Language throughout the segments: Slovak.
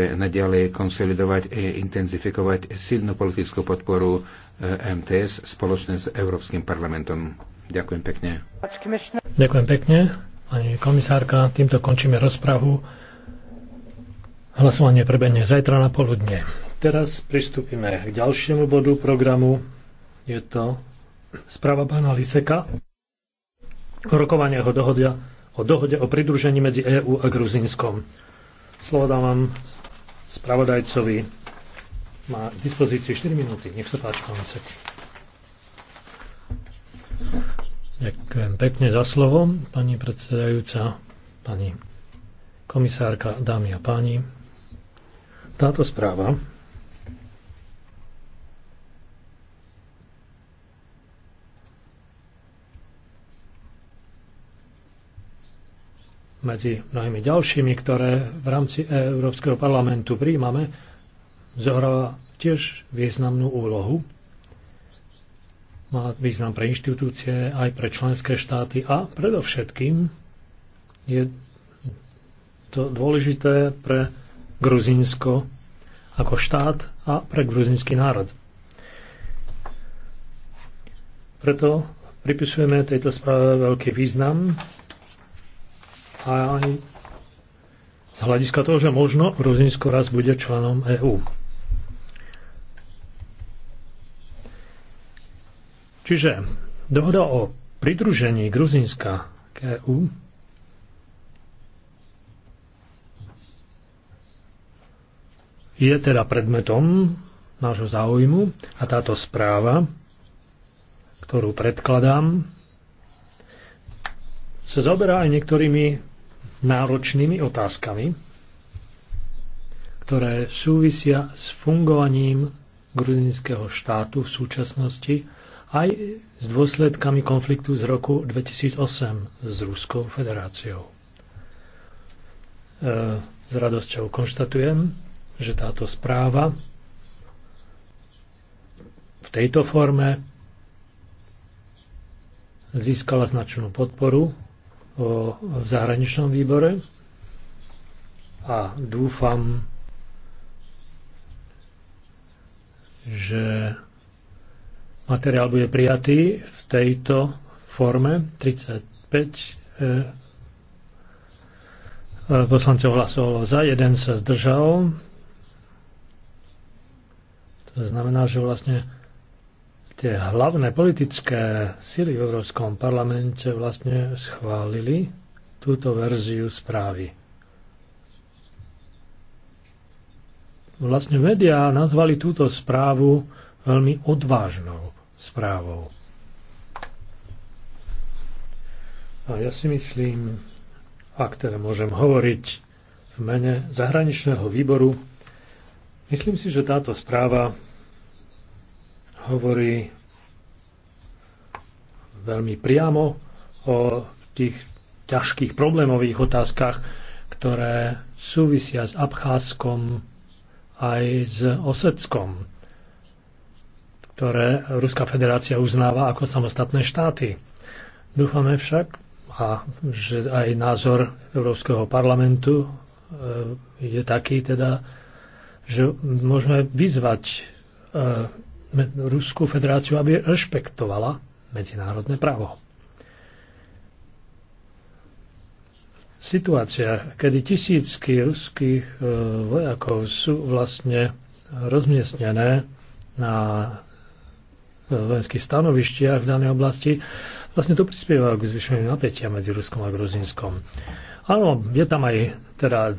naďalej konsolidovať a intenzifikovať silnú politickú podporu eh, MTS spoločne s Európskym parlamentom. Ďakujem pekne. Ďakujem pekne, pani komisárka. Týmto končíme rozprahu. Hlasovanie prebehne zajtra na poludne. Teraz pristúpime k ďalšiemu bodu programu. Je to správa pána Liseka Rokovanie o dohode o, dohode o pridružení medzi EÚ a Gruzínskom. Slovo dávam spravodajcovi. Má k dispozícii 4 minúty. Nech sa páči, pán Sek. Ďakujem pekne za slovo, pani predsedajúca, pani komisárka, dámy a páni. Táto správa medzi mnohými ďalšími, ktoré v rámci e- Európskeho parlamentu príjmame, zohráva tiež významnú úlohu. Má význam pre inštitúcie, aj pre členské štáty a predovšetkým je to dôležité pre Gruzínsko ako štát a pre gruzinský národ. Preto pripisujeme tejto správe veľký význam a aj z hľadiska toho, že možno Gruzinsko raz bude členom EÚ. Čiže dohoda o pridružení Gruzinska k EÚ je teda predmetom nášho záujmu a táto správa, ktorú predkladám, sa zaoberá aj niektorými náročnými otázkami, ktoré súvisia s fungovaním gruzinského štátu v súčasnosti aj s dôsledkami konfliktu z roku 2008 s Ruskou federáciou. E, s radosťou konštatujem, že táto správa v tejto forme získala značnú podporu o zahraničnom výbore a dúfam, že materiál bude prijatý v tejto forme 35 e, e, poslancov hlasovalo za, jeden sa zdržal. To znamená, že vlastne tie hlavné politické sily v Európskom parlamente vlastne schválili túto verziu správy. Vlastne médiá nazvali túto správu veľmi odvážnou správou. A ja si myslím, ak teda môžem hovoriť v mene zahraničného výboru, myslím si, že táto správa hovorí veľmi priamo o tých ťažkých problémových otázkach, ktoré súvisia s Abcházskom aj s Oseckom, ktoré Ruská federácia uznáva ako samostatné štáty. Dúfame však, a že aj názor Európskeho parlamentu e, je taký teda, že môžeme vyzvať e, Ruskú federáciu, aby rešpektovala medzinárodné právo. Situácia, kedy tisícky ruských e, vojakov sú vlastne rozmiestnené na e, vojenských stanovištiach v danej oblasti, vlastne to prispieva k zvyšovaniu napätia medzi Ruskom a Gruzínskom. Áno, je tam aj teda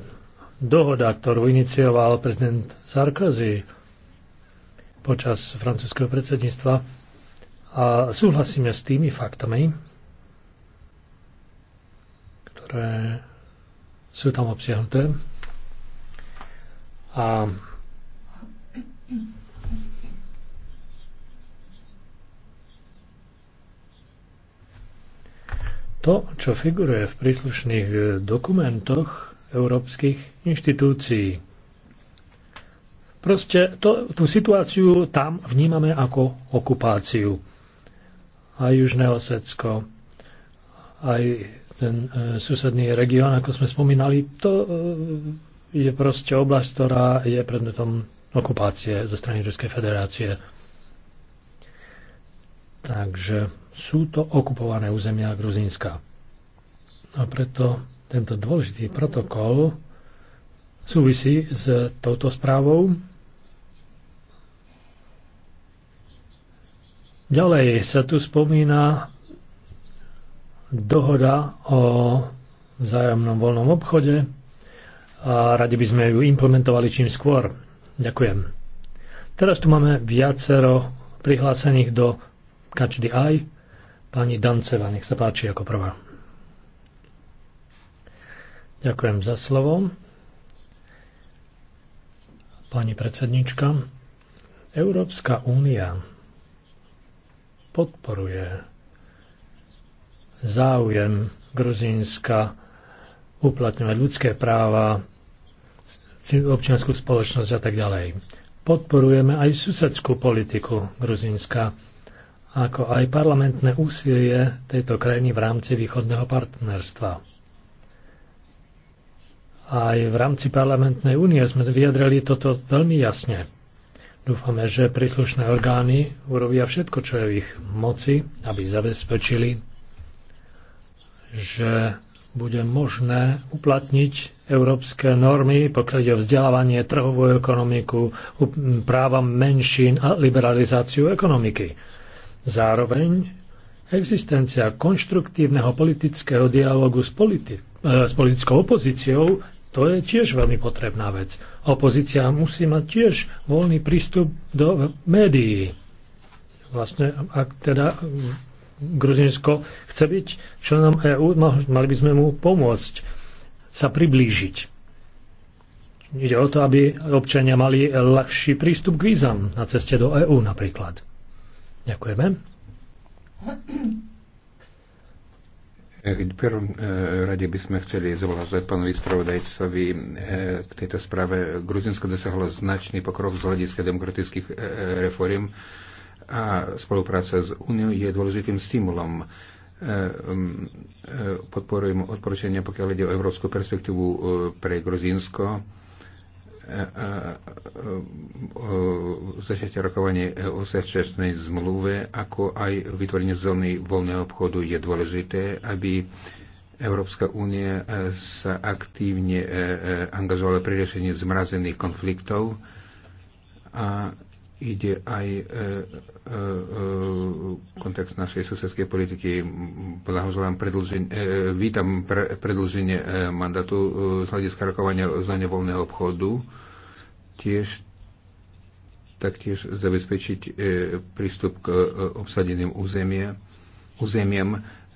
dohoda, ktorú inicioval prezident Sarkozy počas francúzského predsedníctva a súhlasíme s tými faktami, ktoré sú tam obsiahnuté. A to, čo figuruje v príslušných dokumentoch európskych inštitúcií, Proste to, tú situáciu tam vnímame ako okupáciu. Aj Južné Osecko, aj ten e, susedný región, ako sme spomínali, to e, je proste oblasť, ktorá je predmetom okupácie zo strany Ruskej federácie. Takže sú to okupované územia Gruzínska. A preto tento dôležitý protokol súvisí s touto správou Ďalej sa tu spomína dohoda o vzájomnom voľnom obchode a radi by sme ju implementovali čím skôr. Ďakujem. Teraz tu máme viacero prihlásených do Catch aj Eye. Pani Danceva, nech sa páči ako prvá. Ďakujem za slovo. Pani predsednička, Európska únia podporuje záujem Gruzínska uplatňovať ľudské práva, občianskú spoločnosť a tak ďalej. Podporujeme aj susedskú politiku Gruzínska, ako aj parlamentné úsilie tejto krajiny v rámci východného partnerstva. Aj v rámci parlamentnej únie sme vyjadrali toto veľmi jasne. Dúfame, že príslušné orgány urobia všetko, čo je v ich moci, aby zabezpečili, že bude možné uplatniť európske normy, pokiaľ ide o vzdelávanie, trhovú ekonomiku, práva menšín a liberalizáciu ekonomiky. Zároveň existencia konštruktívneho politického dialogu s, politi- eh, s politickou opozíciou to je tiež veľmi potrebná vec. Opozícia musí mať tiež voľný prístup do médií. Vlastne, ak teda Gruzinsko chce byť členom EÚ, no, mali by sme mu pomôcť sa priblížiť. Ide o to, aby občania mali ľahší prístup k vízam na ceste do EÚ napríklad. Ďakujeme. V prvom e, rade by sme chceli zavlázať pánovi spravodajcovi e, k tejto správe. Gruzinsko dosahlo značný pokrok z hľadiska demokratických e, reform a spolupráca s Úniou je dôležitým stimulom podporujem odporúčania, pokiaľ ide o európsku perspektívu pre Gruzinsko. E, e, e, začiatie rokovanie o 6 zmluve, ako aj vytvorenie zóny voľného obchodu je dôležité, aby Európska únia sa aktívne angažovala pri riešení zmrazených konfliktov a ide aj e, e, e, kontext našej susedskej politiky. Blahoželám predlženie, e, vítam pre, predlženie e, mandátu e, z hľadiska rokovania o zóne voľného obchodu. Tiež taktiež zabezpečiť e, prístup k e, obsadeným územia, územiam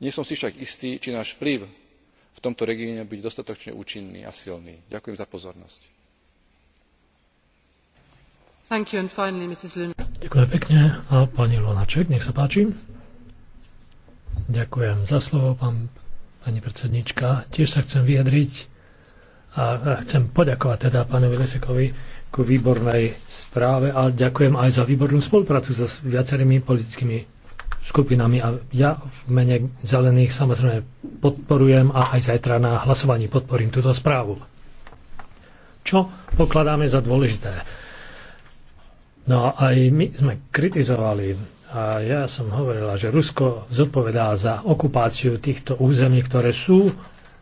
nie som si však istý či náš vplyv v tomto regióne bude dostatočne účinný a silný. ďakujem za pozornosť. Ďakujem za slovo, pán, pani predsednička. Tiež sa chcem vyjadriť a chcem poďakovať teda pánovi Lesekovi ku výbornej správe a ďakujem aj za výbornú spoluprácu so viacerými politickými skupinami a ja v mene zelených samozrejme podporujem a aj zajtra na hlasovaní podporím túto správu. Čo pokladáme za dôležité? No a aj my sme kritizovali a ja som hovorila, že Rusko zodpovedá za okupáciu týchto území, ktoré sú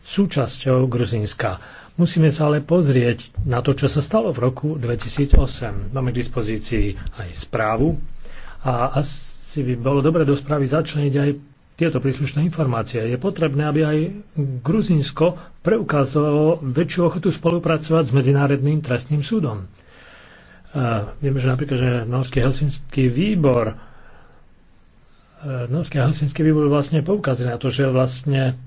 súčasťou Gruzínska. Musíme sa ale pozrieť na to, čo sa stalo v roku 2008. Máme k dispozícii aj správu a asi by bolo dobre do správy začneť aj tieto príslušné informácie. Je potrebné, aby aj Gruzinsko preukázalo väčšiu ochotu spolupracovať s Medzinárodným trestným súdom. A viem, že napríklad, že Norský Helsinský výbor e, Norský Helsinský výbor vlastne poukazuje na to, že vlastne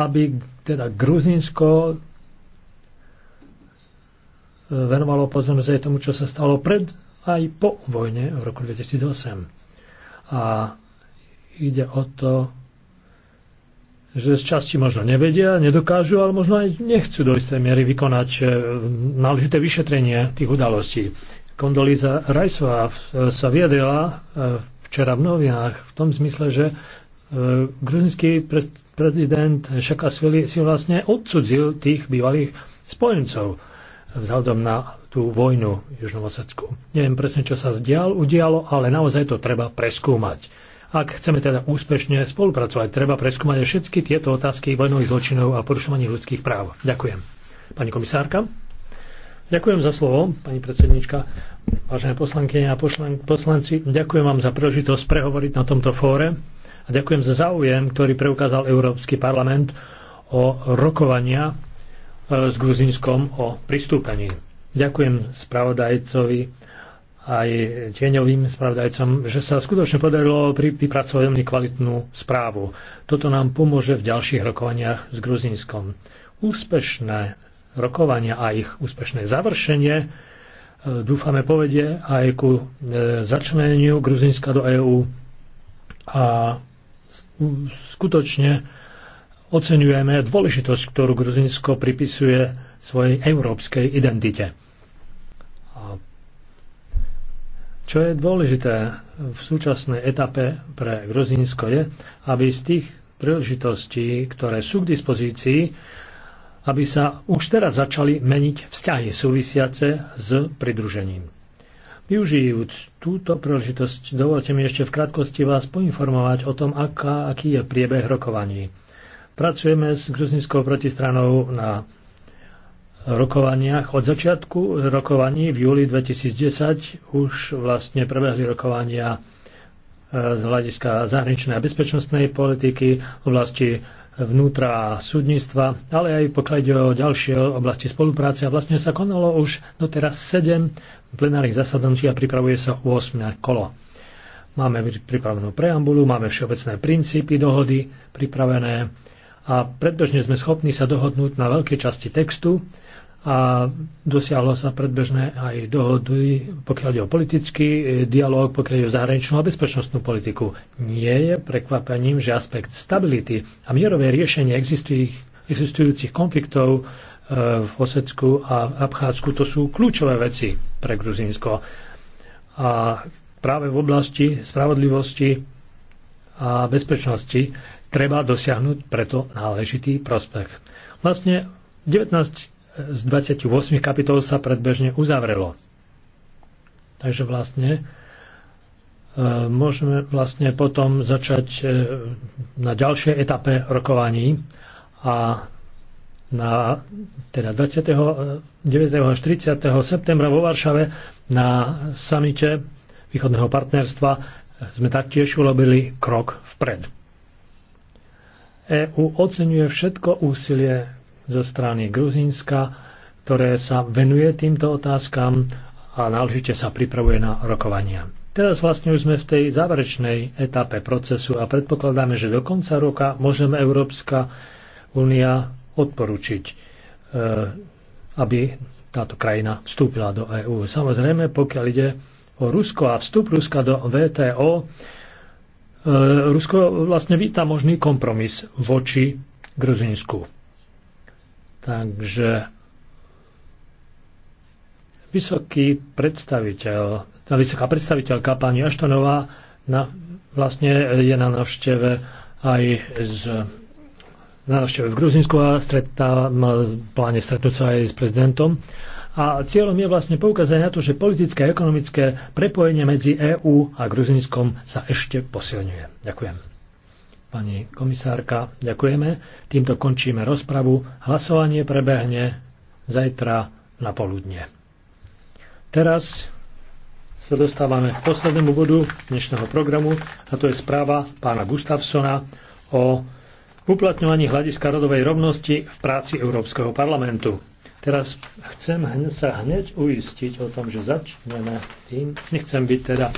aby teda Gruzinsko e, venovalo pozornosť aj tomu, čo sa stalo pred aj po vojne v roku 2008. A ide o to, že z časti možno nevedia, nedokážu, ale možno aj nechcú do istej miery vykonať e, náležité vyšetrenie tých udalostí. Kondolíza Rajsová sa vyjadrila e, včera v novinách v tom zmysle, že e, gruzinský prezident Šakasvili si vlastne odsudzil tých bývalých spojencov vzhľadom na tú vojnu v Južnom Osecku. Neviem presne, čo sa zdial, udialo, ale naozaj to treba preskúmať. Ak chceme teda úspešne spolupracovať, treba preskúmať všetky tieto otázky vojnových zločinov a porušovaní ľudských práv. Ďakujem. Pani komisárka? Ďakujem za slovo, pani predsednička, vážené poslankyne a poslanci. Ďakujem vám za príležitosť prehovoriť na tomto fóre a ďakujem za záujem, ktorý preukázal Európsky parlament o rokovania s Gruzinskom o pristúpení. Ďakujem spravodajcovi aj tieňovým spravodajcom, že sa skutočne podarilo vypracovať veľmi kvalitnú správu. Toto nám pomôže v ďalších rokovaniach s Gruzinskom. Úspešné rokovania a ich úspešné završenie e, dúfame povedie aj ku e, začleneniu Gruzinska do EÚ a skutočne oceňujeme dôležitosť, ktorú Gruzinsko pripisuje svojej európskej identite. A čo je dôležité v súčasnej etape pre Gruzínsko je, aby z tých príležitostí, ktoré sú k dispozícii, aby sa už teraz začali meniť vzťahy súvisiace s pridružením. Využijúc túto príležitosť, dovolte mi ešte v krátkosti vás poinformovať o tom, aká, aký je priebeh rokovaní. Pracujeme s gruzinskou protistranou na rokovaniach. Od začiatku rokovaní v júli 2010 už vlastne prebehli rokovania e, z hľadiska zahraničnej a bezpečnostnej politiky v oblasti vnútra a súdnictva, ale aj pokiaľ ide o ďalšie oblasti spolupráce. A vlastne sa konalo už doteraz 7 plenárnych zasadnutí a pripravuje sa 8 kolo. Máme pripravenú preambulu, máme všeobecné princípy dohody pripravené, a predbežne sme schopní sa dohodnúť na veľkej časti textu a dosiahlo sa predbežné aj dohody, pokiaľ ide o politický e, dialog, pokiaľ ide o zahraničnú a bezpečnostnú politiku. Nie je prekvapením, že aspekt stability a mierové riešenie existujúcich konfliktov e, v Osecku a Abchádsku to sú kľúčové veci pre Gruzínsko. A práve v oblasti spravodlivosti a bezpečnosti treba dosiahnuť preto náležitý prospech. Vlastne 19 z 28 kapitol sa predbežne uzavrelo. Takže vlastne e, môžeme vlastne potom začať e, na ďalšej etape rokovaní a na teda 29. až 30. septembra vo Varšave na samite východného partnerstva sme taktiež urobili krok vpred. EÚ oceňuje všetko úsilie zo strany Gruzínska, ktoré sa venuje týmto otázkam a náležite sa pripravuje na rokovania. Teraz vlastne už sme v tej záverečnej etape procesu a predpokladáme, že do konca roka môžeme Európska únia odporučiť, e, aby táto krajina vstúpila do EÚ. Samozrejme, pokiaľ ide o Rusko a vstup Ruska do VTO, E, Rusko vlastne víta možný kompromis voči Gruzinsku. Takže vysoký predstaviteľ, tá vysoká predstaviteľka pani Aštonová na, vlastne je na navšteve aj z, na navšteve v Gruzinsku a stretá, má pláne stretnúť sa aj s prezidentom. A cieľom je vlastne poukázať na to, že politické a ekonomické prepojenie medzi EÚ a Gruzinskom sa ešte posilňuje. Ďakujem. Pani komisárka, ďakujeme. Týmto končíme rozpravu. Hlasovanie prebehne zajtra na poludne. Teraz sa dostávame k poslednému bodu dnešného programu a to je správa pána Gustafsona o uplatňovaní hľadiska rodovej rovnosti v práci Európskeho parlamentu. Teraz chcem sa hneď uistiť o tom, že začneme tým. Nechcem byť teda